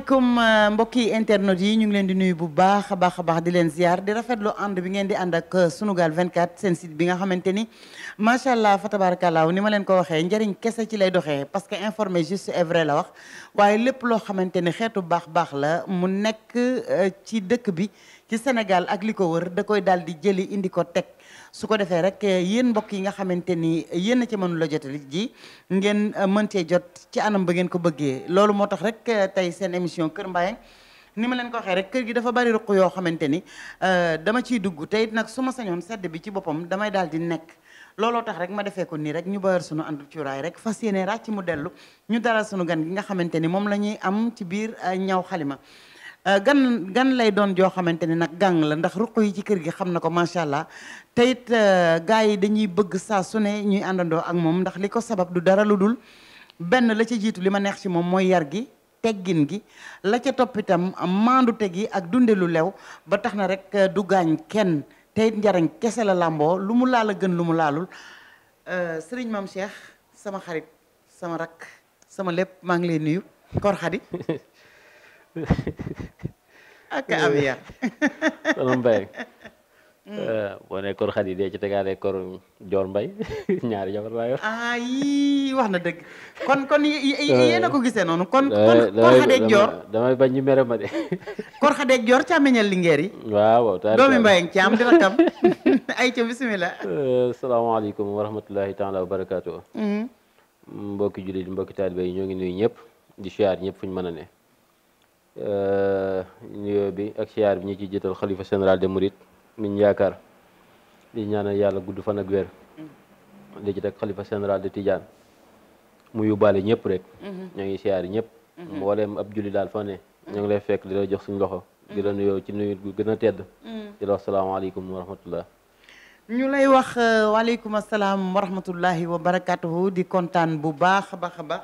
asalaamaaleykum euh, mbokki internet yi ñu ngi leen di nuyu bu baax a baax a baax di leen ziar di rafetlu ànd bi ngeen di ànd ak euh, Sunugal 24 seen site bi nga xamante ni macha allah fa tabarakallah ni ma leen ko waxee njëriñ kese ci lay doxee parce que informer juste et la wax waaye lépp loo xamante ni xeetu baax baax la mu nekk euh, ci dëkk bi ci Sénégal ak li ko wër da koy daal di jëli indi ko teg. su ko defee rek eh, yéen mbokk yi nga xamante ni yéen a ci mënul a jotali ji ngeen eh, mën cee jot ci anam ba ngeen ko bëggee loolu moo tax rek eh, tey seen émission Kër Mbaye ni ma leen ko waxee rek kër gi dafa bari ruq yoo xamante ni dama ciy dugg tey it nag su ma sañoon sedd bi ci boppam damay daal di nekk looloo tax rek ma defee ko nii rek ñu bayar sunu ànd cuuraay rek fas yéene ràcc mu dellu ñu dalal sunu gan gi nga xamante ni moom la ñuy am ci biir ñaw xalima Euh, gan gan lay doon joo xamante ne nag gàng la ndax ruq yi ci kër gi xam na ko macha allah te it euh, gars yi dañuy bëgg saa su ne ñuy àndandoo ak moom ndax li ko sabab du dara lu dul benn la ci jiitu li ma neex ci moom mooy yar gi teggin gi la ca toppitam itam maandu teg yi ak dunde lu lew ba tax na rek euh, du gaañ kenn te njariñ kese la làmboo lu mu laal a gën lu mu laalul sëriñ maam Cheikh sama xarit sama rakk sama lépp maa ngi lay nuyu Kor Khady ak am ya sonu mbay eh, boo ne kor xat ci tegaale kor joor mbay ñaari jabar laa yor ah yii wax na dëgg kon kon eh. yéen a ko gisee noonu kon eh, kon kor xadeeg joor damay bañ ñu mere ma de kor xadeeg joor càmmeñal lingeer yi waaw doomi mbayeng ci am di rakam ay ca bismillah asalaamaaleykum wa rahmatullahi taala wa barakaatu mm-hmm. mbokki jullit mbokki taalibe yi ñoo ngi nuyu ñëpp di siyaar ñëpp fu ñu mën a ne Euh, nuyoo bi ak siyaar bi ñu ci jiital xalifa général des mourides miñ yaakaar di ñaanal yàlla gudd fan ak wér mm-hmm. di ci teg xalifa général de Tidiane mu yóbbaale ñëpp rek mm-hmm. ñoo ngi siyaar yi ñëpp mm-hmm. mbooleem ab julli daal fa ne ñoo ngi lay fekk di la jox suñ loxo di la ci nuyu gu gën a tedd di la wax salaamaaleykum wa ñu lay wax euh, waaleykum asalaam wa wa barakatuhu di kontaan bu baax a baax a baax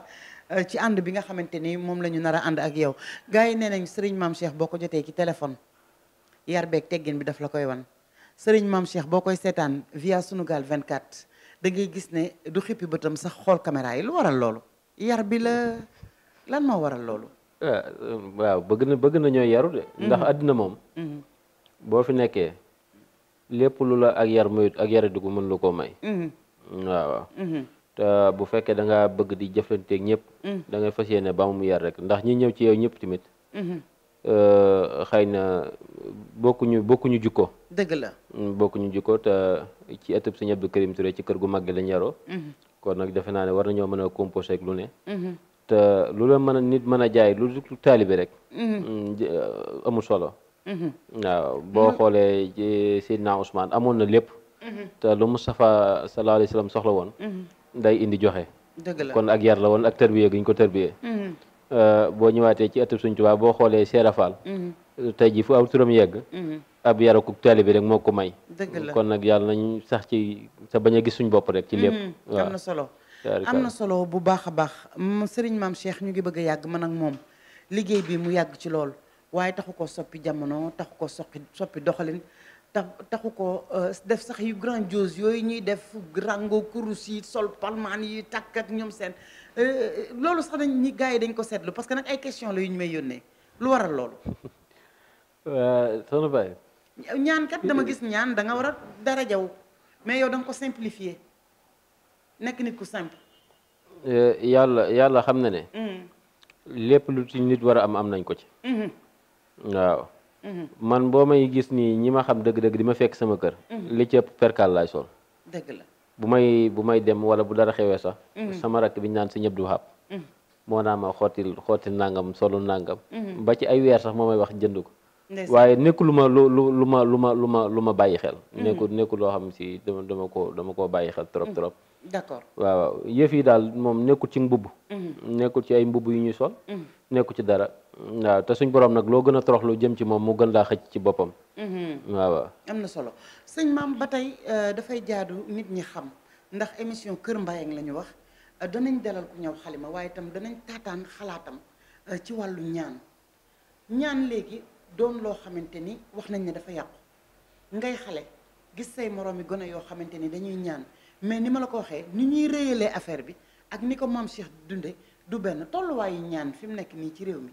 Euh, ci ànd bi nga xamante ni moom la ñu nar a ànd ak yow gars yi nee nañ sëriñ maam Cheikh boo ko jotee ci téléphone yar beeg teggin bi daf la koy wan sëriñ maam Cheikh boo koy seetaan via Sunugal vingt da ngay gis ne du xippi bëtam sax xool caméra yi lu waral loolu yar bi la lan moo waral loolu. Euh, waaw bëgg na bëgg na ñoo yaru de. Mhm. ndax àddina moom. Mhm. boo fi nekkee lépp lu la ak yar mayut ak yaradiku mën la koo may. Mhm. waaw. bu fekkee da bëgg di jëflanteeg ñëpp. Mm. dangay ngay fas yéene ba mu yar rek ndax ñi ñëw ci yow ñëpp tamit. Mm-hmm. Euh, xëy na bokkuñu bokkuñu jukko. dëgg la mm, bokkuñu jukko te ci ëttub Sëñ Abdou ci kër gu mag gi lañ yaroo. Mm-hmm. kon nag defe naa ne war nañoo mën a composé ak lu ne. Mm-hmm. te lu la mën a nit mën a jaay lu lu taalibe rek. Mm, euh, amul solo. waaw boo xoolee ci Seydina Ousmane amoon na lépp. te lu Moustapha sallallahu alayhi wa sallam soxla woon. day indi joxe. dëgg la kon ak yar la woon ak tërbiye gi ñu ko tërbiyee. Mm-hmm. Euh, boo ñëwaatee ci ëttub Sëñ Tuubaa boo xoolee Seera Faal. Mm-hmm. tey jii fu aw turam yegg. Mm-hmm. ab yar ak taalibe rek moo ko may. dëgg la kon nag yàlla nañ sax ci sa bañ a gis suñ bopp rek. ci lépp waaw am na solo. am na solo bu baax a baax sëriñ maam Cheikh ñu ngi bëgg a yàgg man ak moom liggéey bi mu yàgg ci lool waaye taxu ko soppi jamono taxu ko soppi soppi doxalin tax taxu ko euh, def sax yu grandiose yooyu ñuy def rango kurus yi sol palmaan yi takk ak ñoom seen euh, loolu sax dañ ñi gars yi dañ ko seetlu parce que nag ay question la yu ñu may yónnee lu waral loolu. Euh, soxna Baye. ñaan kat dama gis ñaan da nga war a dara jaw mais yow da nga ko simplifier nekk nit ku simple. yàlla yàlla xam na ne. Mm. lépp lu ci nit war am am nañ ko ci. Mm-hmm. waaw. Mm-hmm. man boo may gis nii ñi ma xam dëgg-dëgg di ma fekk sama kër. Mm-hmm. li ci ëpp perkaal laay sol. bu may bu may dem wala bu dara xewee sax. Mm-hmm. sama rakk bi ñu naan si ñëpp du xaab. moo naa ma xootil xootil nangam solu nangam. ba ci ay weer sax moo may wax jënd ko. waaye nekkul ma lu lu lu ma lu ma lu ma lu ma bàyyi xel. nekkul nekkul loo xam si dama dama koo dama koo bàyyi xel trop trop. d'accord waaw yëf yi daal moom nekkul ci mbubb. nekkul ci ay mbubb yu ñuy sol. nekkul ci dara. waaw te suñ borom nag loo gën a toroxlu jëm ci moom mu gën laa xëcc ci boppam. Mhm. waaw am na solo sëñ maam ba tey euh, dafay jaadu nit ñi xam ndax émission Kër Mbayang la ñu wax euh, danañ dalal ku ñëw xalima waaye itam danañ taataan xalaatam euh, ci wàllu ñaan ñaan léegi doon loo xamante ni wax nañ ne dafa yàqu ngay xale gis say moroom yi gone yoo xamante ni dañuy ñaan mais ni ma la ko waxee ni ñuy réyalee affaire bi ak ni ko maam Cheikh dunde du benn tolluwaayu ñaan fi mu nekk nii ci réew mi.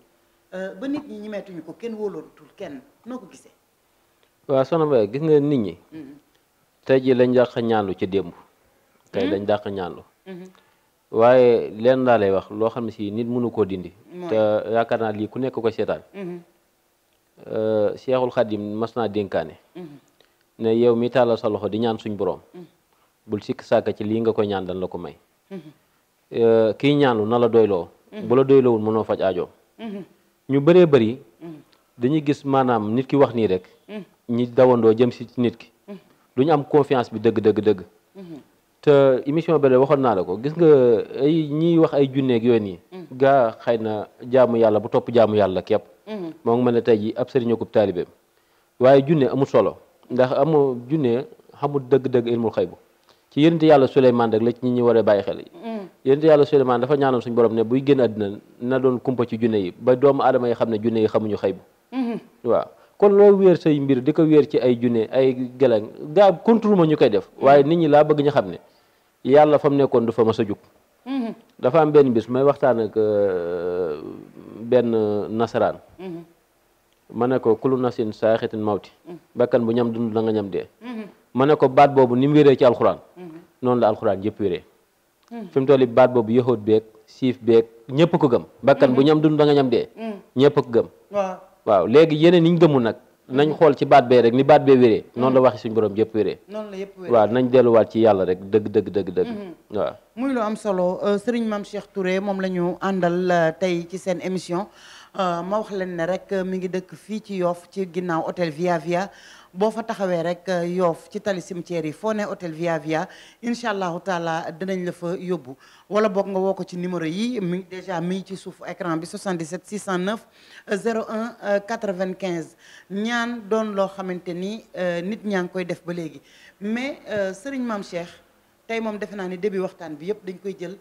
Euh, ba nit ñi ñemeetuñu ko kenn wóolootul kenn noo ko gisee. waaw soxna Mbaye gis nga nit ñi. Mm-hmm. te jii lañ dàq ñaanlu ci démb. tey mm-hmm. lañ dàq ñaanlu. Mm-hmm. waaye leen laa wax loo xam ne si nit mënu koo dindi. te yaakaar naa lii ku nekk ko seetaan. Seexul euh, Xadim mas naa dénkaane. ne yow mi tàllal sa loxo di ñaan suñ borom. bul sikk sàkk ci lii nga ko ñaan dan la ko may. Euh, kii ñaanlu na la doyloo. bu la doyloowul mënoo faj aajoom. ñu bëree bëri mm. dañuy gis maanaam nit ki wax nii rek mm. ñi dawandoo jëm si nit ki mm. du ñu am confiance bi dëgg dëgg dëgg mm-hmm. te émission bi waxoon naa la ko gis nga ay ñiy wax ay junneeg yooyu nii gaa xëy na jaamu yàlla bu topp jaamu yàlla képp mm-hmm. moo ngi mel ne tey ji ab sëriñ akub taalibeem waaye junne amul solo ndax amul junne xamul dëgg-dëgg ilmul xaybu ci yonent yàlla Souleymane rek la ci ñi war a bàyyi xel mm. yonent yàlla Souleymane dafa ñaanoon suñu borom ne buy génn àddina na doon kumpa ci junne yi ba doomu aadama yi xam ne junne yi xamuñu xaybu mm-hmm. waaw kon loo wéer say mbir di ko wéer ci ay junne ay gelang gaa contrôle ñu koy def mm. waaye nit ñi laa bëgg ñu xam ne yàlla fa mu nekkoon du fa ma sa jóg dafa am benn bis may waxtaan ak euh, benn nasaraan mm-hmm. ma ne ko kulu nasin saaxitin mawti mm. bakkan bu ñam dund na nga ñam dee mm-hmm. ma ne ko baat boobu ni mu wéree ci alxuraan mm-hmm. noonu la alxuraan yëpp wéree mm. fi mu toll baat boobu yahut beeg siif beeg ñëpp ko gëm bakkan bu mm-hmm. ñam dund da nga ñam dee mm. ñëpp ko gëm waaw léegi yeneen niñ gëmul nag nañ mm-hmm. xool ci baat bee rek ni baat bee wéree noonu la waxi suñu borom yëpp wéree waaw nañ delluwaat ci yàlla rek dëgg dëgg dëgg dëgg waaw muy lu am solo euh, sëriñ Mame Cheikh Touré moom lañu ñu àndal euh, tey ci seen émission euh, ma wax leen rek mi ngi dëkk fii ci Yoff ci ginnaaw hôtel Via boo fa taxawee rek euh, yoof ci tali cimetière yi foo ne hôtel via via incha allahu taala dinañ la fa yóbbu wala boog nga woo ko ci numéro yi mi déjà mi ci suufu écran bi 77 609 01 95 ñaan doon loo xamante ni euh, nit ñaa ngi koy def ba léegi mais euh, sëriñ maam Cheikh tey moom defe naa ne début waxtaan bi yëpp dañ koy jël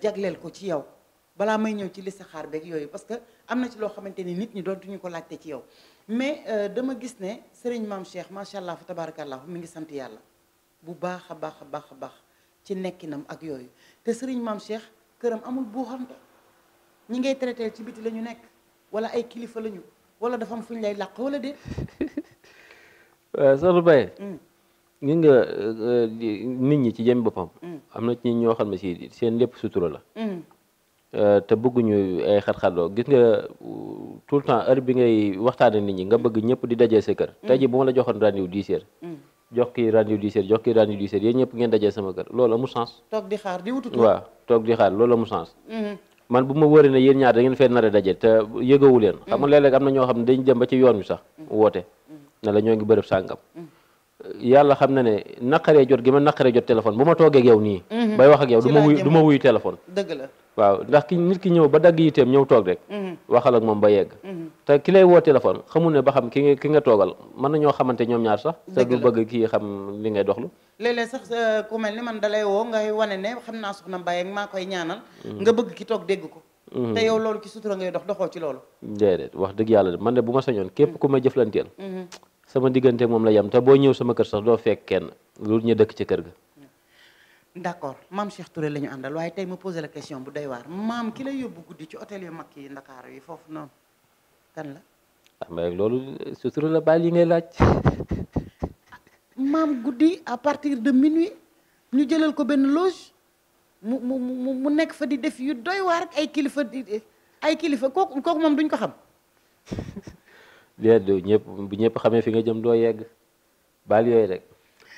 jagleel ko ci yow balaa may ñëw ci li saxaar beeg yooyu parce que am na ci loo xamante ni nit ñi dootuñu ko laajte ci yow mais euh, dama gis ne sëriñ maam Cheikh macha allah fa tabarakallah mi ngi sant yàlla bu baax a baax a baax a baax ci nekkinam ak yooyu te sëriñ maam Cheikh këram amul buuxante ñi ngay traité ci biti la ñu nekk wala ay kilifa la ñu wala dafa am fu ñu lay làq wala déet. waaw euh, lu Baye. Hmm. gis nga euh, nit ñi ci jëm boppam. Hmm. am na ci ñoo xam ne si seen lépp sutura la. Hmm. Euh, te bëgguñu ay xat-xatloo gis nga tout le temps heure bi ngay waxtaane nit ñi nga bëgg ñëpp di dajee sa kër mm. te ji bu ma la joxoon mm. rendez-vous dix heures jox kii rendez-vous dix heures jox kii rendez ñëpp ngeen dajee sama kër loolu amul sens toog di xaar di wutut waaw toog di xaar loolu amul sens mm-hmm. man bu ma wóoree ne yéen ñaar da ngeen fee nar dajee daje te yëgawu leen mm. xam nga am na ñoo xam ne dañ dem ba ci yoon bi sax woote ne la ñoo ngi bërëb sàngam yàlla xam na ne naqaree jot gi ma naqaree jot téléphone bu ma toogee ak yow nii. Mhm. bay wax ak yow du ma wuyu du dëgg la waaw ndax ki nit ki ñëw ba dagg yiteem ñëw toog rek. Mhm. waxal ak ba yegg. Mhm. te ki lay woo téléphone xamul ne ba xam ki nga ki nga toogal mën nañoo xamante ñoom ñaar sax. te du bëgg kii xam li ngay doxlu. léeg-léeg sax euh, ku mel ni man dalay woo ngay wane ne xam naa soxna Mbaye ak maa koy nga bëgg ki toog dégg ko. te yow loolu ci sutura ngay dox doxoo ci loolu. déedéet wax dëgg yàlla man de bu ma sañoon képp ku ma jëflanteel sama diggante moom la yem te boo ñëw sama kër sax doo fekk kenn loolu ñu dëkk ci kër ga. d' accord maam Cheikh Touré la ñu àndal waaye tey ma posé la question bu doy waar maam ki lay yóbbu guddi ci hôtel yu mag yi Ndakaaru yi foofu noonu kan la. ah mais loolu sutura la baal yi ngay laaj. maam guddi à partir de minuit ñu jëlal ko benn loge mu mu mu nekk fa di def yu doy waar ay kilifa di ay kilifa kooku kooku moom duñ ko xam. léer de ñëpp bu ñëpp xamee fi nga jëm doo yegg baal yooyu rek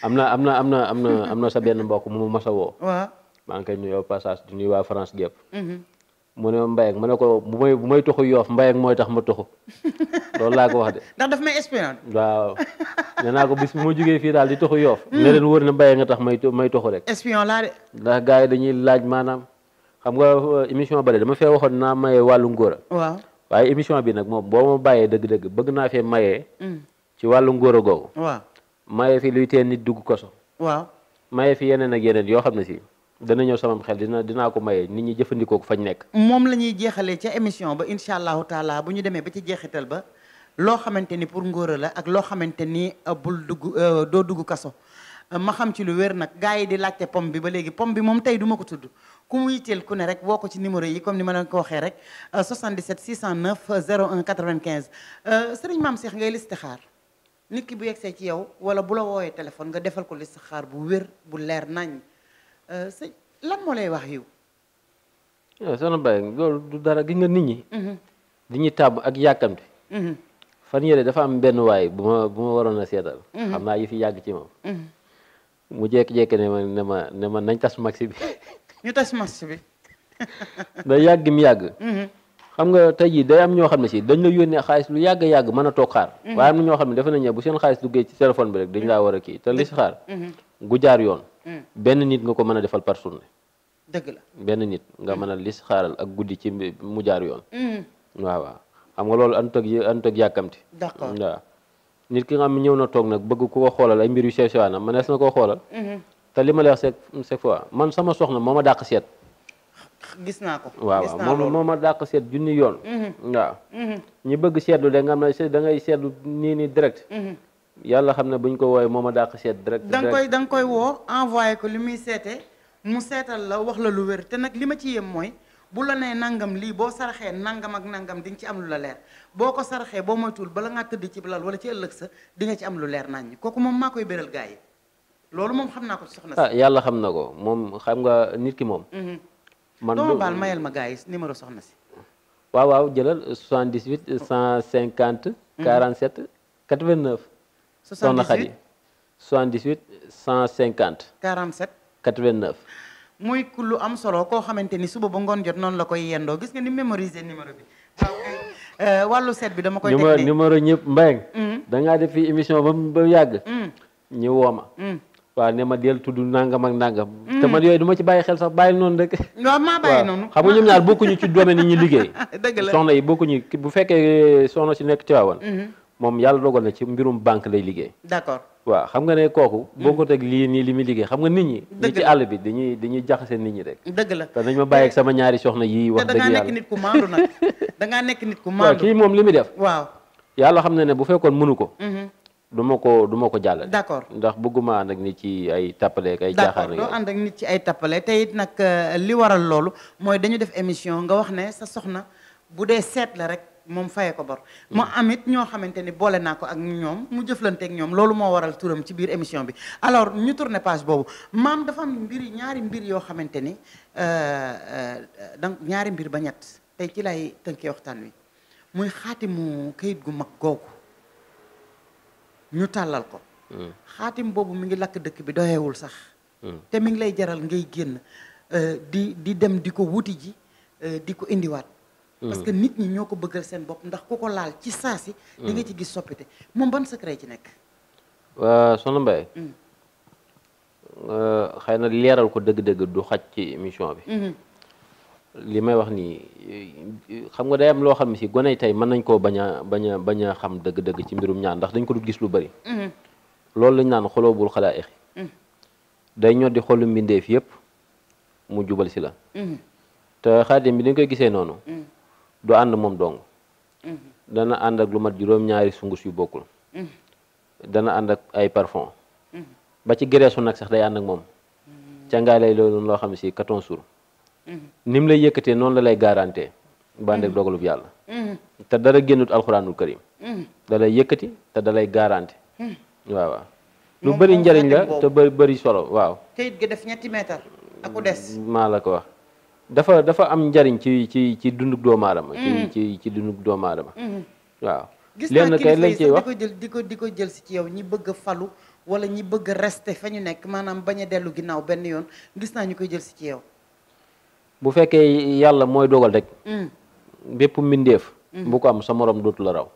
am na am na am na am na am na sa benn mbokk mu masa woo maa ngi koy nuyoo passage di nuyu waa mhm. mu ne Mbaye ak ma ko bu may bu may toxu yoof Mbaye mooy tax ma toxu loolu laa ko wax de ndax daf may espérance waaw nee naa ko bis bi ma jógee fii daal di toxu yoof mhm. ne leen wóor ne Mbaye nga tax may may toxu rek espion laa de ndax gars yi dañuy laaj maanaam xam nga euh, émission bari dama fee waxoon naa maye wàllu ngóora waaye émission bi nag moom boo ma bàyyee dëgg-dëgg bëgg naa fee maye. Mm. ci wàllu ngóor googu. waaw maye fi luy teel nit dugg kaso waaw maye fi yeneen ak yeneen yoo xam ne si dana ñëw sama xel dina dinaa ko mayee nit ñi jëfandikoo ko fañ nekk. moom la ñuy jeexalee ca émission ba incha allahu taala bu ñu demee ba ci jeexital ba loo xamante ni pour ngóor la ak loo xamante ni euh, bul dugg euh, doo dugg kaso. Euh, ma xam ci lu wér nag gaa yi di laajte pomme bi ba léegi pomme bi moom tey duma ko tudd ku mu yitteel ku ne rek woo ko ci numéro yi comme ni ma leen ko waxee rek 77 609 01 95 sëriñ maam Cheikh ngay listixaar nit ki bu yegsee ci yow wala bu la wooyee téléphone nga defal ko listixaar bu wér bu leer nañ euh, sëñ lan moo lay wax yow. waaw soxna Baye loolu du dara gis nga nit ñi. Mhm. di ñuy tàbb ak yàkkamti. Mhm. fan yële dafa am benn waay bu ma bu ma waroon a seetal. Mhm. xam naa yi fi yàgg ci moom. mu jékki-jékki ne ma ne ma nañ tas maxi bi. ñu tas match bi. ba yàgg mi yàgg. Mm-hmm. xam nga tey jii day am ñoo xam ne si dañ la yónnee xaalis lu yàgg yàgg mën a toog xaar. Mm-hmm. waaye am ñoo xam ne defe nañu bu seen xaalis duggee ci téléphone bi rek dañ laa war a kii te li si xaar. Mm-hmm. gu jaar yoon. benn nit nga ko mën a defal par journée. dëgg la benn nit nga mën a lis xaaral ak guddi ci mu jaar yoon. waaw waaw xam nga loolu ànd toog yi ànd toog yàkkamti. d'accord nit ki nga xam ñëw na toog nag bëgg ku ko xoolal ay mbir yu sew sewaana mënees na koo xoolal. te li ma lay wax chaque fois man sama soxna moo ma dàq seet. gis naa ko waaw waaw moom moo ma dàq seet ni yoon. Mhm. waaw mhm. ñu bëgg seetlu da nga am da ngay seetlu nii nii direct. Mhm. yàlla xam ne bu ñu ko woowee moo ma dàq seet direct. da nga koy koy woo envoyé ko li muy seete mu seetal la wax la lu wér te nag li ma ci yem mooy. bu la nee nangam lii boo saraxee nangam ak nangam di nga ci am lu la leer boo ko saraxee boo moytuwul bala ngaa tëdd ci lal wala ci ëllëg sa di nga ci am lu leer nañ ñi kooku moom maa koy gaa yi loolu moom xam naa ko soxna si. ah yàlla xam na ko moom xam nga nit ki moom. Mm-hmm. man doo baal mayal ma gars yi numéro soxna si. waaw waaw jëlal 78 150. 47 89. 78 soxna Xadi 78 150. 47 89. muy ku lu am solo koo xamante ni suba ba ngoon jot noonu la koy yendoo gis nga ni mémoriser numéro bi. Euh, wàllu seet bi dama koy. teg numéro numéro ñëpp Mbengue. Mm-hmm. da ngaa def fii émission ba mu ba mu yàgg. Mm-hmm. ñu wooma waaw ne ma del tudd nangam ak nangam. Mm. te man yooyu du ma ci bàyyi xel sax bàyyi noonu rek. non maa bàyyi noonu xam nga ñoom ñaar bokkuñu ci domaine yi ñu liggéey. dëgg la soxna yi bokkuñu bu fekkee soxna si nekk Tiwaawan. Mm-hmm. moom yàlla dogal na ci mbirum banque lay liggéey. xam nga mm-hmm. ko teg lii nii li muy liggéey xam nga nit ñi. ñi ci àll bi dañuy dañuy jaxase nit ñi rek. dëgg la te nañ ma bàyyi ak eh, sama ñaari soxna yii wax dëgg yàlla te dangaa nekk nit ku maandu nag dangaa nekk nit ku maandu. waaw kii moom li muy def. yàlla xam na ne bu fekkoon mënu ko mm-hmm. du ma ko duma ko jàllale. d'accord ndax bëgguma ànd ak nit ci ay tappale ak ay. jaaxaan doo ànd ak nit ci ay tappale te it nag euh, li waral loolu mooy dañu def émission nga wax ne sa soxna bu dee seet rek moom fayee ko bor. mu hmm. am ñoo xamante ni boole naa ko ak ñoom mu jëflanteeg ñoom loolu moo waral turam ci biir émission bi. alors ñu tourné page boobu maam dafa am mbir ñaari mbir yoo xamante ni euh, euh, donc ñaari mbir ba ñett tey ci lay tënkee waxtaan wi muy xaatimu kayit gu mag googu. ñu tàllal ko hmm. xaatim boobu mu ngi lakk dëkk bi doyewul sax hmm. te mi ngi lay jaral ngay génn euh, di di dem di ko wuti ji euh, di ko indiwaat hmm. parce nit ñi ñoo ko bëggal seen bopp ndax ku ko laal ci saasi di nga ci gis soppite moom ban secret ci nekk waa Soxna Mbaye euh, xëy na leeral ko dëgg-dëgg du xaj ci émission bi li may wax nii xam nga day am loo xam ne si gone tey mën nañ koo bañ a bañ bañ xam dëgg-dëgg ci mbirum ñaan ndax dañ ko dul gis lu bari. Mm-hmm. loolu lañ naan xoloo bul xalaa exi mm-hmm. day ñor di xolu mbindeef yëpp mu jubal si la. Mm-hmm. te xaatim bi dañ koy gisee noonu. du ànd moom dong. dana ànd ak lu mat juróom-ñaari sungus yu bokkul. dana ànd ak ay parfum ba ci gereesu nag sax day ànd ak moom. cangaay lay loolu loo xam ne si 14 jours. Mm-hmm. ni mu lay yëkkatee noonu la lay garantee bandek mm-hmm. dogalub yàlla mm-hmm. te dara génnut alxuraanul karim da lay yëkkati te da garante garanté waaw waaw lu bëri njëriñ la te bëri bëri solo waaw kayit gi def ñetti mètre ak ku des mm, maa la ko wax dafa dafa am njariñ ci ci ci dundug doomu aadama ci ci ci dundug doomu aadama waaw gis kay lañ ciy wax di ko di ko di ko jël ci yow ñi bëgg a falu wala ñi bëgg a fa ñu nekk maanaam bañ a dellu ginnaaw benn yoon gis naa ñu koy jël si ci yow bu fekkee yàlla mooy dogal rek mm. bépp mbindeef mm. bu ko am sa morom dootu la raw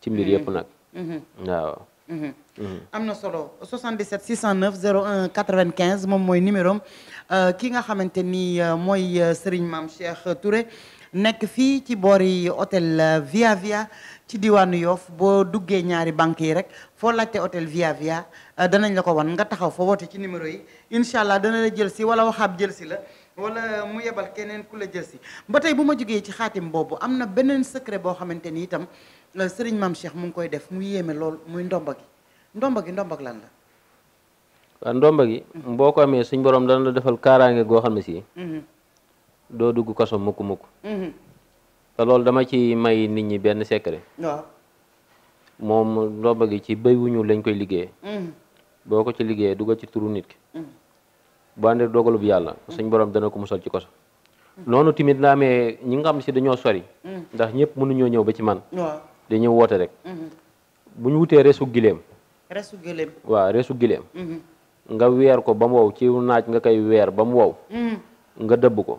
ci mbir yëpp mm-hmm. nag mm-hmm. waaw mm-hmm. am na solo 77 609 01 95 moom mooy numéro am euh, ki nga xamante ni euh, mooy euh, Serigne Mame Cheikh Touré nekk fii ci boori hôtel Via Via ci diwaanu Yoff boo duggee ñaari banque yi rek foo laajte hôtel Via Via danañ la ko wan nga taxaw fa woote ci numéro yi incha allah dana la jël si wala waxaab jël si la. wala mu yebal keneen ku la jël si ba tey bu ma jógee ci xaatim boobu am na beneen secret boo xamante ni itam euh, sëriñ mam Cheikh mu ngi koy def mu yéeme lool muy ndomba gi ndomba gi ndomba la. ndomba gi. Mm-hmm. boo ko amee suñ borom dana la defal kaaraange goo xam ne si. Mm-hmm. doo dugg kaso mukk mukk mm-hmm. te loolu dama ci may nit ñi benn secret. waaw moom ndomba gi ci béy wuñu lañ koy liggéeyee. boo ko ci liggéeyee dugal ci turu nit ki. bu àndee yàlla suñ boroom dana ko musal ci koso noonu timit la amee ñi nga xam si dañoo sori mm. ndax ñëpp mënuñoo ñëw ba ci man dañuy woote rek mm-hmm. bu ñu wutee resu gileem resu gileem waaw resu gileem mm-hmm. nga weer ko ba mu wow ci naaj nga koy weer ba mu wow mm-hmm. nga dëbb ko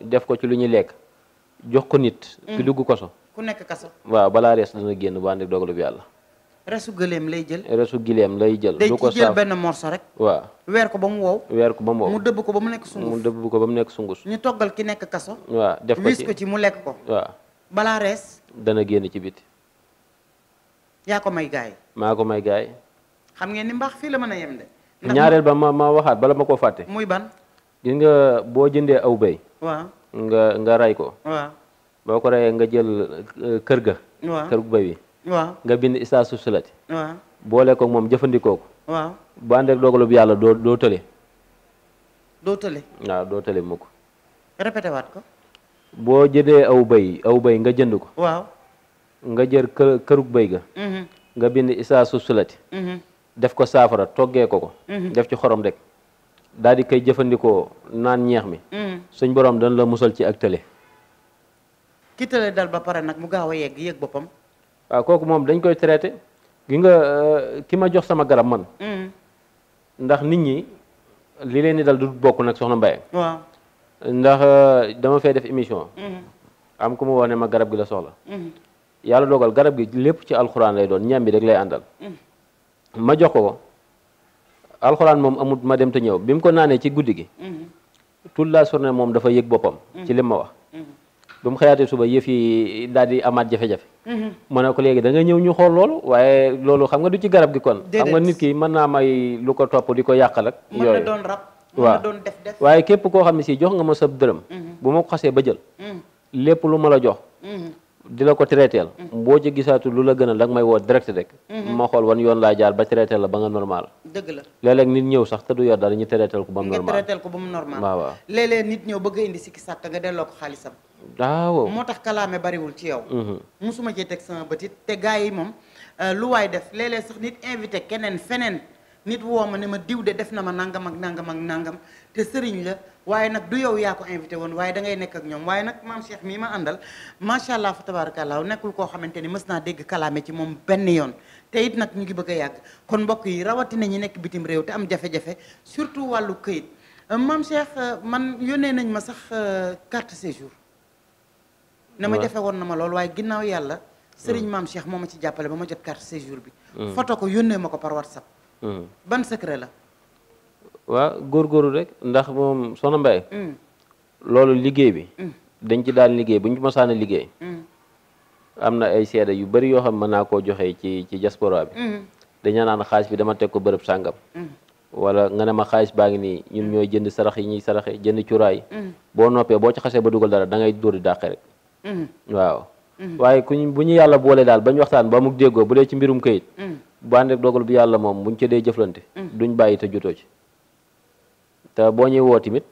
def ko ci lu ñuy lekk jox ko nit ki dugg koso ku nekk kaso waaw balaa rees dana génn bu àndee dogalub yàlla resu gëleem lay jël. resu gëleem lay jël. ko saaf day ci jël benn morso rek. waa weer ko ba mu wow. weer ko ba mu wow mu dëbb ko ba mu nekk sungus. mu dëbb ko ba mu nekk sungus. ñu toggal ki nekk kaso. waa def ko ci ko ci mu lekk ko. waaw balaa rees. dana génn ci biti. yaa ko may gaay maa ko may gaay xam ngeen ni mbaax fii la mën a yem de. ñaareel ba ma ma waxaat bala ma koo fàtte. muy ban. gis nga boo jëndee aw béy. waaw nga nga ray ko. boo ko reyee nga jël euh, kër ga. waaw kër béy bi. waaw nga bind istaa suuf sulati waaw boole ko moom jëfandikoo ko waaw bu ànd dogalu bu yàlla doo doo tële doo tële waaw doo tële mukk répété ko boo jëndee aw bëy aw bëy nga jënd ko waaw nga jër kë kërug bëy ga mm-hmm. nga bind isaa sulati mm-hmm. def ko saafara toggee ko ko mm-hmm. def ci xorom rek daal di koy jëfandikoo naan ñeex mi suñ borom dañ la musal ci ak tële ki tële dal ba pare nag mu gaaw a yegg yëg boppam waaw kooku moom dañ koy traité gi nga euh, ki ma jox sama garab man mm. ndax nit ñi li leen di dal du bokk nag soxna Mbaye waaw euh, dama fay def mm-hmm. ku ma wax ma garab la soxla mm-hmm. yàlla dogal garab gi lépp ci alxuraan lay doon ñam bi rek lay àndal mm-hmm. ma jox ko ko alxuraan moom amut ma dem te ñëw bi mu ko naanee ci guddi gi toute la journée moom dafa yëg boppam ci lim ma wax bi mu suba yëf yi daal amaat jafe-jafe Mm-hmm. ma ne ko léegi da nga ñëw ñu xool loolu waaye loolu xam nga du ci garab gi kon xam nga nit ki mën naa may lu ko topp di ko yàqal ak yooyu waaw waaye képp koo xam ne si jox nga ma sab dërëm mm-hmm. bu ma ko xasee ba jël mm-hmm. lépp lu ma la jox di la ko traiteel mm-hmm. boo ci gisaatu lu la gënal a nga may woo direct rek mm-hmm. ma xool wan yoon laa jaar ba traiteel la ba nga normal dëgg la léeg nit ñëw sax te du yor dara ñu traiteel ko ba mu normal nga traiteel ko ba mu normal waaw waaw léeg-léeg nit ñëw bëgg indi sikki sàkk nga delloo ko xaalisam waaw moo tax kalaame bariwul ci yow mm-hmm. musuma cee teg sama bëtit te gars yi moom euh, lu waay def léeg-léeg sax nit invité keneen feneen nit woo ma ne ma diw de def na ma nangam ak nangam ak nangam te sëriñ la waaye nag du yow yaa ko invité woon waaye da ngay nekk ak ñoom waaye nag maam Cheikh mii ma àndal macha allah fa tabaarakallaa nekkul koo xamante ni mës naa dégg kalaame ci moom benn yoon te it nag ñu ngi bëgg a yàgg kon mbokk yi rawatina ñi nekk bitim réew te am jafe-jafe surtout wàllu këyit euh, maam Cheikh euh, man yónnee nañ ma sax euh, carte séjour. na ma jafe woon na ma lool waaye ginnaaw yàlla. sëriñ maam Cheikh moom ma ci jàppale ba ma jot carte séjour bi. foto ko yónnee ma ko par WhatsApp. ban secret la. waa góor góorgóorlu rek ndax moom Soxna Mbaye mm. loolu liggéey bi mm. dañ ci daan liggéey bu ñu masaan a liggéey mm. am na ay seede yu bari yoo xam mën naa koo joxe ci ci diaspora bi dañaa naan xaalis bi dama teg ko bërëb sàngam wala nga ne ma xaalis baa ngi nii ñun ñooy jënd sarax yi ñuy saraxe jënd cuuraay boo noppee boo ci xasee ba dugal dara da ngay dóor di dàqe rek waaw waaye kuñ bu ñu yàlla boole daal bañ waxtaan ba mu déggoo bu dee ci mbirum kayit bu ànd yàlla moom buñ ca dee jëflante duñ bàyyi te jotoo ci te boo ñuy woo tamit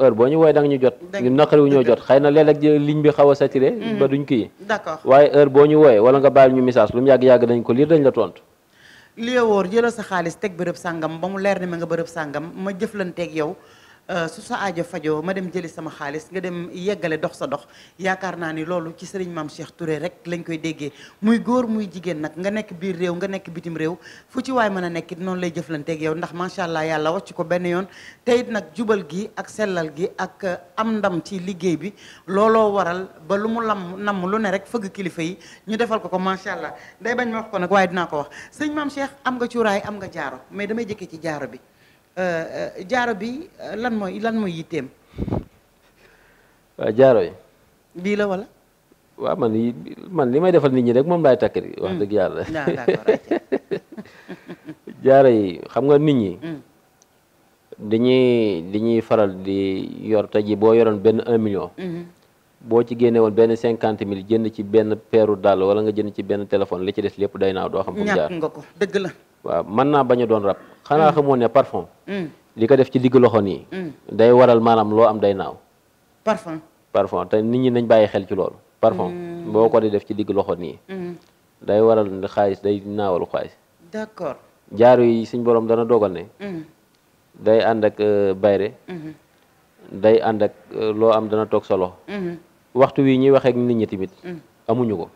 heure boo ñu wooye da ñu jot ñu naqari wu ñoo jot xay na leen léeg liñ bi xaw a saturé mm-hmm. ba duñ kii d'accord waaye heure boo ñu wooyee wala nga bàyyil ñu message lu mu yàgg-yàgg dañ ko liir dañ la tontu li wóor jëlal sa xaalis teg bërëb sàngam ba mu leer ne ma nga bërëb sàngam ma jëf jëflanteeg yow Euh, su sa aajo fajo ma dem jëli sama xaalis nga dem yeggale dox sa dox yaakaar naa ni loolu ci sëriñ maam Cheikh Touré rek lañ koy déggee muy góor muy jigéen nag nga nekk biir réew nga nekk bitim réew fu ci waay mën a nekkit noonu lay jëflanteeg yow ndax macha allah yàlla wàcc ko benn yoon te nag jubal gi ak sellal gi ak euh, am ndam ci liggéey bi looloo waral ba lu mu lam namm lu ne rek fëgg kilifa yi ñu defal ko ko macha allah day bañ ma wax ko nag waaye dinaa ko wax sëñ maam Cheikh am nga cuuraay am jaaro mais damay jëkkee ci jaaro bi Euh, euh, jaaro bi euh, lan mooy lan mooy yitteem. waaw jaaro yi. lii la wala. waaw man yi man li may defal nit ñi rek moom laay takk di wax hmm. dëgg yàlla. Ah, jaaro yi xam nga nit ñi. Hmm. dañuy dañuy faral di yor te ji boo yoroon benn un million. Hmm. boo ci génne woon benn cinquante mille jënd ci benn peeru dàll wala nga jënd ci benn téléphone li ci des lépp day naaw doo xam. fu jaar ñàkk nga ko dëgg la. waaw man naa bañ a doon rab xanaa mm. xamoon ne parfum mm. li ko def ci digg loxo nii mm. day waral maanaam loo am day naaw parfum parfum te nit ñi nañ bàyyi xel ci loolu parfum boo ko di def ci digg loxo nii day waral xaalis day naawal xaalis d'accord jaaru yi suñ boroom dana dogal ne day ànd ak euh, bayre mm-hmm. day ànd ak euh, loo am dana toog sa loxo mm-hmm. waxtu wi ñuy waxee ak nit ñi tamit amuñu ko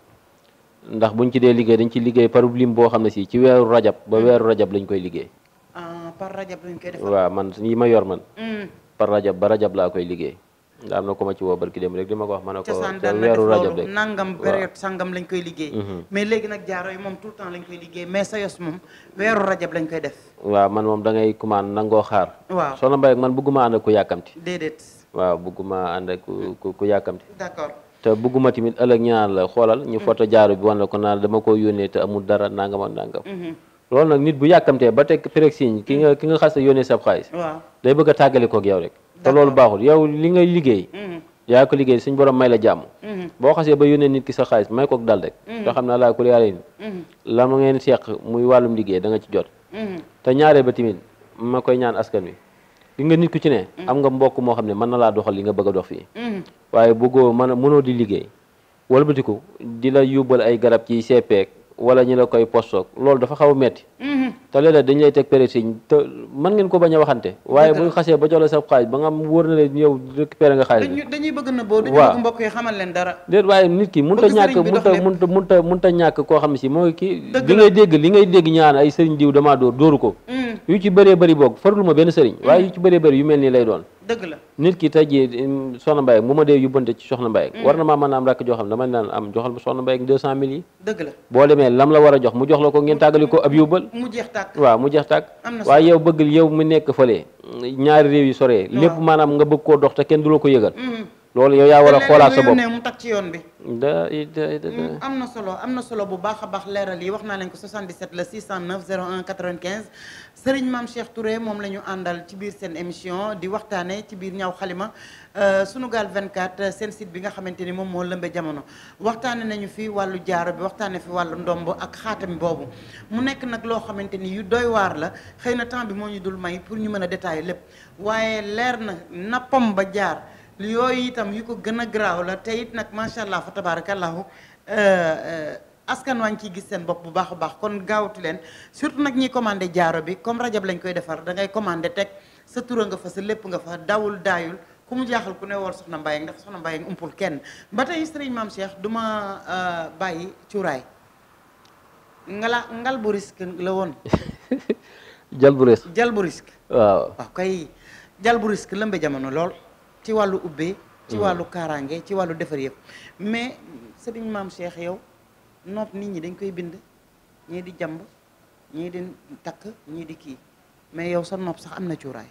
ndax bu buñ ci dee liggéey dañ ci liggéey par lim boo xam ne si ci weeru rajab ba hmm. weeru rajab lañ koy liggéey. Ah, par rajab waaw man yi ma yor man. Hmm. par rajab ba rajab laa koy liggéey. ndax na ku ma ci woo barki dem rek li ma ko wax ma ne ko te weeru rajab nangam sangam lañ koy liggéey. Mhm. mais léegi nag jaaro yi moom tout le temps mais sa yos moom weeru rajab lañ koy def. waaw man moom da ngay commande nangoo xaar. waaw na Mbaye man bëgguma ànd ak ku yàkkamti. déedéet. waaw bëgguma ànd ak ku ku yàkkamti. d'accord. te bëgguma tamit ëllëg ñaar la xoolal ñu foto mm. jaaru bi wan la ko naan dama ko yónnee te amul dara nangam ak nangam mm-hmm. loolu nag nit bu yàkkamtee ba teg péréxigne ki nga mm-hmm. ki nga xas a yónnee sab xaalis day bëgg a tàggale kook yow rek te loolu baaxul yow li ngay liggéey mm-hmm. yaa ko liggéey suñ borom may la jàmm boo xasee ba yónnee nit ki sa xaalis may kook dal rek te xam naa laa ku yàlla ni la ma ngeen seq muy wàllum liggéey da nga ci jot te ñaaree ba wi li nga nit ku ci ne. Mm. am nga mbokk moo xam ne mën na laa doxal li nga bëgg a dox fii. Mm. waaye bëggoo mën a mënoo di liggéey. walbatiku di la yóbbal ay garab ci CPEC. wala ñu la koy postoog loolu dafa xaw a metti mm-hmm. te léeg-léeg dañu lay teg pressing te mën ngeen ko bañ a waxante waaye bu ñu xasee ba jox la sa xaalis ba nga am wóor na leen yow récupéré nga xaalis bi dañuy bëgg na boo dañuy bëgg mbokk xamal leen dara déet waaye nit ki mun a ñàkk mënut a mënut a mënut a mënut ñàkk koo xam ne si mooy kii li ngay dégg li ngay dégg ñaan ay sëriñ diw dama dóor dóoru ko mm. yu ci bëree bëri boog farul ma benn sëriñ mm. waaye yu ci bëree bëri yu mel nii lay doon dëgg la nit ki tey jii soxna Mbaye bu ma dee yóbbante ci soxna Mbaye mm. war na maa mën a am rakk joo xam dama naan am joxal ma soxna Mbaye deux cent mille yi boo demee lam la war a jox mu jox la ko ngeen tàggali ko ab yóbbal mu jeex tàkk mu jeex tàkk waa yow bëgg yow mu nekk fa fële ñaari réew yi soree lépp maanaam nga bëgg koo dox te kenn du la ko yëgal mm-hmm. loolu yow yaa war a xoolaat sa bopp ne mu tag ci yoon bi da da da mm, am na solo am na solo bu baax a baax leeral yi wax naa leen ko 77 la 609 01 95 Serigne Mame Cheikh Touré moom la ñu àndal ci biir seen émission di waxtaane ci biir ñaaw xalima euh, Sunugal 24 euh, seen site bi nga xamante ni moom moo lëmbe jamono waxtaane nañu fi wàllu jaaro bi waxtaane fi wàllu ndomb ak xaatam boobu mu nekk nag loo xamante ni yu doy waar la xëy na temps bi moo ñu dul may pour ñu mën a détailler lépp waaye leer na nappam ba jaar yooyu itam yu ko gën a garaaw la te it nag macha allah fa tabarakallahu euh, euh, askan waa ngi ciy gis seen bopp bu baax a baax kon gaawatu leen surtout nag ñiy commandé jaaro bi comme rajab lañ koy defar da commandé teg sa tura nga fa sa lépp nga fa dawul daayul ku mu jaaxal ku ne woon soxna Mbaye ndax soxna Mbaye umpul kenn ba tey sëriñ maam Cheikh du ma euh, bàyyi cuuraay ngala ngal bu risque la woon. jal bu risque jal bu risque. waaw waaw kay jal bu risque lëmbe jamono lool. ci wàllu ubbee ci hmm. wàllu kaaraange ci wàllu defar yëpp mais sëriñ maam Cheikh yow nopp nit ñi dañ koy bind ñii di jàmb ñii di takk ñii di kii mais yow sa nopp sax am na cuuraay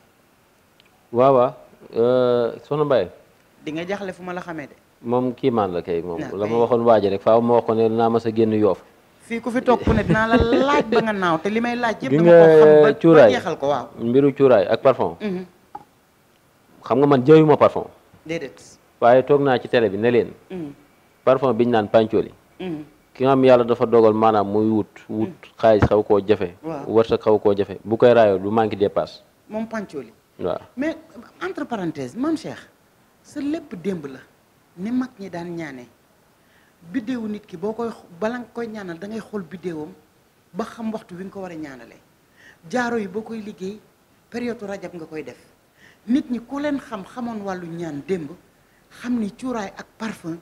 waaw waaw euh, soxna Mbaye di nga jaxle fu ma la xamee de moom kii maan la kay moom ah, la ma waxoon waaji rek faaw ma wax ko ne naa ma sa génn yoof fii ku fi toog ku ne dinaa la laaj ba nga naaw te li may laaj yëpp dama ko xam ba jeexal ko waaw mbiru cuuraay ak parfum mhm. xam nga man jëyuma parfum. déedéet. waaye toog naa ci télé bi ne leen. Mm. parfum biñ naan pàncoli. Mm. ki nga xam yàlla dafa dogal maanaam muy wut mm. wut xaalis xaw koo jafe. waaw wërsëg koo jafe bu koy raayoo du manqué dépasse. moom pàncoli. waa mais entre parenthèse maam Cheikh sa lépp démb la ni mag ñi daan ñaane biddéewu nit ki boo koy bala nga koy ñaanal da ngay xool biddéewam ba xam waxtu wi nga ko war a ñaanalee jaaro yi boo koy liggéey période rajab nga koy def. nit ñi ku leen xam xamoon wàllu ñaan démb xam ni cuuraay ak parfum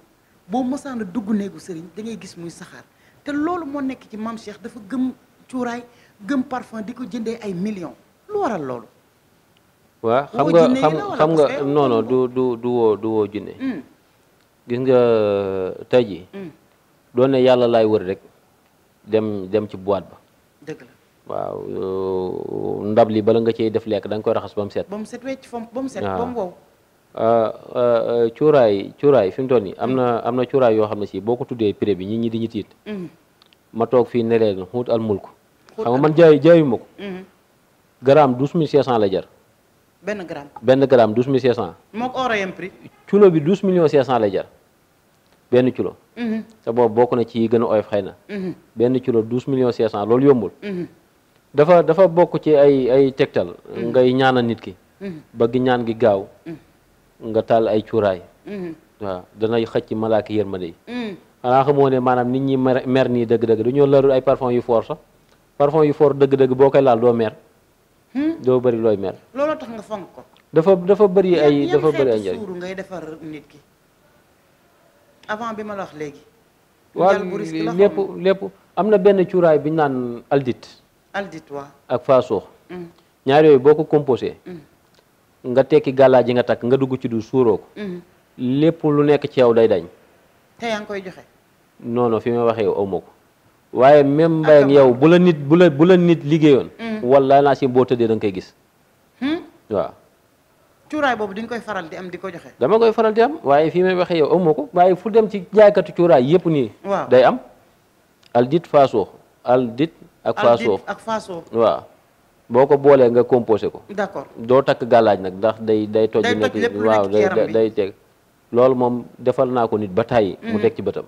boo mosaan dugg néegu sëriñ dangay gis muy saxaar te loolu moo nekk ci maam Cheikh dafa gëm cuuraay gëm parfum di ko jëndee ay millions lu waral loolu. waa xam nga xam nga non non du du du woo du mm. gis nga euh, tey jii. Mm. doon ne yàlla laay wër rek dem dem ci boîte ba. dëgg waaw ndab li bala nga cey def lekk da nga koy raxas ba mu set. ba mu set wecc fomp ba mu wow. Ah, ah, ah, cuuraay cuuraay fi mu toll nii am na am na cuuraay yoo xam ne si boo ko tuddee prix bi nit ñi di ñu tiit. Mm-hmm. ma toog fii ne leen xuut al mulk. xam man jaay jaayuma ko. Mm-hmm. gramme douze mille cinq cent la jar. benn gramme benn gramme douze mille cinq cent. moo bi douze millions cinq cent la jar benn kilo. Mm-hmm. sa boobu bokk na ci gën a oyof xëy na. benn kilo douze million cinq cent loolu yombul. dafa dafa bokk ci ay ay tegtal. Mm-hmm. ngay ñaanal nit ki. Mm-hmm. bëgg ñaan gi gaaw. Mm-hmm. nga taal ay cuuraay. waaw danay xëcc malaaka yërmande yi. xanaa xamoo ne maanaam nit ñi mer nii dëgg-dëgg du ñoo ay parfum yu foor sax parfum yu fort dëgg-dëgg boo koy laal doo mer. Hmm? doo bëri looy mer. looloo tax nga fonk ko. dafa dafa bëri ay dafa bëri ay njëriñ ngay defar nit ki avant bi ma la wax léegi. lépp lépp am na benn cuuraay bi ñu naan aldit. alditoire ak faaso mm. ñaar yooyu boo ko composé mm. nga tekki gàllaa ji nga takk nga dugg ci du suuroo ko mm. lépp lu nekk ci yow day dañ te yaa ngi koy joxe non fi may waxee yow aw ko waaye même ah, yow bu la nit la nit liggéeyoon wala naa boo tëddee da koy gis hmm? waaw boobu di koy faral di ko joxe dama koy faral waaye fii may waxee waaye fu dem ci jaaykatu cuuraay yépp nii day am aldit faasoo aldit ak faasoof ak faasoof waaw boo ko boolee nga composé ko. d'accord doo takk gàllaaj nag ndax day day toj. day toj lépp waaw day day teg loolu moom defal naa ko nit ba tàyyi. mu mm. teg ci bëtam.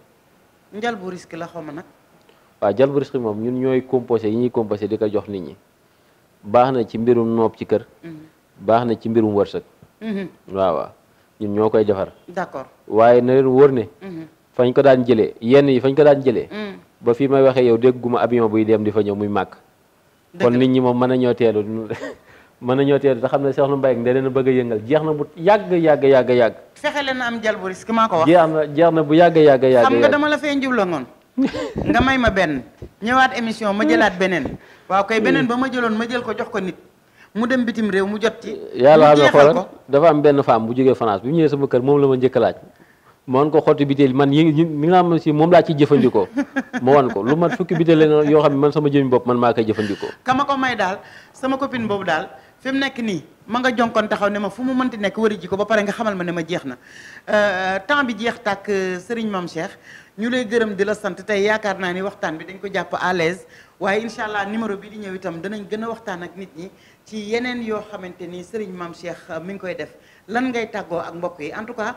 njal bu risque la xaw ma nag. waaw jal bu risque moom ñun ñooy composé yi ñuy composé di ko jox nit ñi baax na ci mbirum noob ci kër. Mm-hmm. baax na ci mbirum wërsëg. Mm-hmm. waaw waaw ñun ñoo koy defar. d'accord waaye na leen wóor ne. Mm-hmm. fañ ko daan jëlee yenn yi fañ ko daan jëlee. Mm. ba fii may waxee yow dégguma avion buy dem di fa ñëw muy màkk kon nit ñi moom mën a ñëw teelu mën nañoo teelu te xam ne Soxna Mbaye da leen a bëgg a yëngal jeex na bu yàgg yàgg yàgg yàgg fexe leen am jal bu risque maa ko na jeex na bu yàgg yàgg yàgg nga dama la fee njubla nga may ma benn ñëwaat émission ma jëlaat beneen waaw kay beneen ba ma jëloon ma jël ko jox ko nit mu dem bitim réew mu jot ci yàlla xam ne xoolal dafa am benn femme bu jógee France bi mu ñëwee sama kër moom la ma njëkk laaj ma wan ko xottu bitéel man yi mi nga xam ne si moom laa ciy jëfandikoo ma wan ko lu yoo xam ne man sama jëmi bopp man maa koy jëfandikoo kama ko may daal sama copine boobu daal fi mu nekk nii ma nga jonkoon taxaw ne ma fu mu mënti nekk wari ji ko ba pare nga xamal ma ne ma jeex na euh, temps bi jeex tàkk euh, sëriñ mam Cheikh ñu lay gërëm di la sant tey yaakaar naa ni waxtaan bi dañ ko jàpp à l'aise waaye incha allah numéro bi di ñëw itam danañ gën a waxtaan ak nit ñi ci yeneen yoo xamante ni sëriñ Mame Cheikh euh, mi ngi koy def lan ngay tàggoo ak mbokk yi en tout cas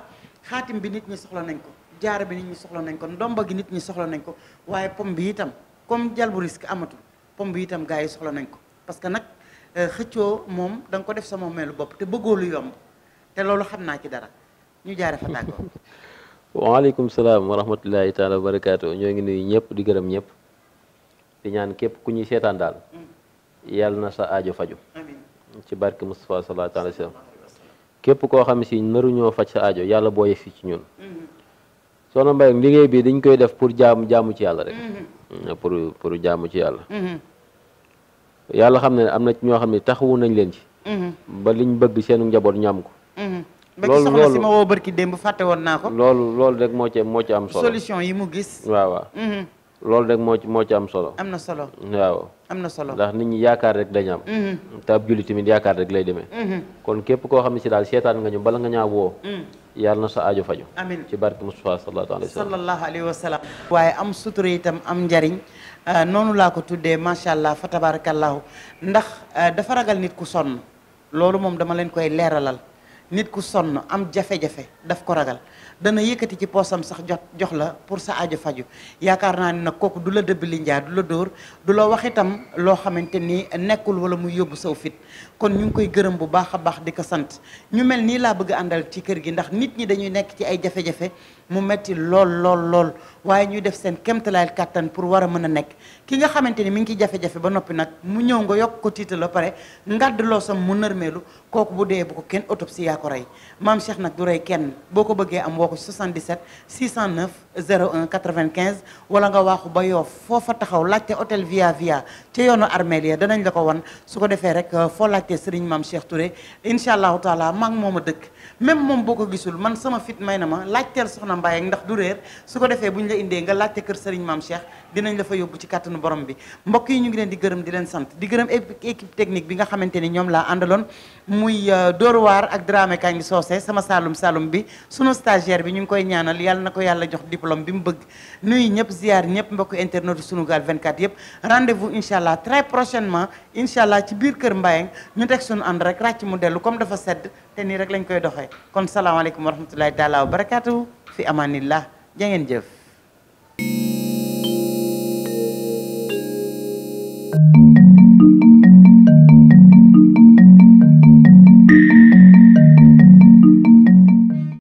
xaatim bi nit ñi soxla nañ ko jaar bi nit ñi soxla nañ ko ndomba gi nit ñi soxla nañ ko waaye pom bi itam comme jalbu risque amatul pom bi itam gars yi soxla nañ ko parce que nag euh, xëccoo moom danga ko def sa moomeelu bopp te bëggoo lu yomb te loolu xam naa ci dara ñu jaare fa tàggoo waaleykum salaam wa rahmatullahi taala wa ñoo ngi nuyu ñëpp di gërëm ñëpp di ñaan képp ku ñuy seetaan daal mm. yàlla na sa ajo faju ci barke Moustapha sallallahu alayhi képp koo xam si naruñoo faj sa aajo yàlla boo yegsi ci ñun mm-hmm. soxna Mbaye liggéey bi dañ koy def pour jaamu jaamu ci yàlla rek mm-hmm. mm, pour pour jaamu ci yàlla mm-hmm. yàlla xam ne am na ñoo xam ne taxawu nañ leen ci ba liñ bëgg seenu njaboot ñam ko loolu loolu si ma woo barki woon naa ko loolu loolu rek moo ci moo ci am solo yi mu gis waaw waaw loolu rek moo ci moo ci am solo. am na solo waaw. am na solo ndax nit ñi yaakaar rek dañu am. Mhm. te ab jullit tamit yaakaar rek lay demee. Mhm. kon képp koo xam ne si daal seetaan nga ñu bala nga ñaaw woo. Mhm. yàlla na sa aajo faju amiin ci barke Mustafa sallallahu alayhi wa sallam. waaye am sutura itam am njariñ euh, noonu laa ko tuddee macha allah fa tabarakallahu ndax euh, dafa ragal nit ku sonn loolu moom dama leen koy leeralal nit ku sonn am jafe-jafe daf ko ragal. dana yëkkati ci poosam sax jot jox la pour sa aajo faju yaakaar naa ne nag kooku du la dëbb li njaa du la dóor du la wax itam loo xamante ni nekkul wala muy yóbbu saw fit kon ñu ngi koy gërëm bu baax a baax di ko sant ñu mel nii laa bëgg àndal ci kër gi ndax nit ñi dañuy nekk ci ay jafe-jafe mu metti lool lool lool waaye ñuy def seen kemtalaay kàttan pour war a mën a nekk ki nga xamante ni mi ngi ciy jafe ba noppi nag mu ñëw nga yokk ko tiital ba pare ngàddloo sam mu nërmeelu kooku bu dee bu ko kenn autopsie yaa ko rey maam Cheikh nag du rey kenn boo ko bëggee am woo ko 77 609 01 95 wala nga waaxu ba yoof foofa taxaw laajte hôtel via via ca yoonu armeel ya danañ la ko won su ko defee rek euh, foo laajtee sëriñ maam Cheikh Touré incha allahu taala maa ngi moom a dëkk même moom boo ko gisul man sama fit may na ma laajteel soxna Mbaye ndax du réer su ko defee bu ñu la indee nga laajte kër sëriñ maam Cheikh dinañ dafa yóbbu ci kàttanu borom bi mbokk yi ñu ngi leen di gërëm di leen sant di gërëm équipe technique bi nga xamante ni ñoom laa àndaloon muy euh, Dóor waar ak Dramé Kangi Soose sama Saalum Saalum bi sunu stagiaire bi ñu ngi koy ñaanal yàlla na ko yàlla jox diplôme bi mu bëgg nuyu ñëpp ziar ñëpp mbokk internet Sunugal 24 yëpp rendez-vous incha allah très prochainement incha allah ci biir kër Mbayang ñu teg sunu ànd rek ràcc mu dellu comme dafa sedd te nii lañ koy doxee kon salaamaaleykum wa rahmatullahi taala wa barakaatu fi amanillah ja ngeen jëf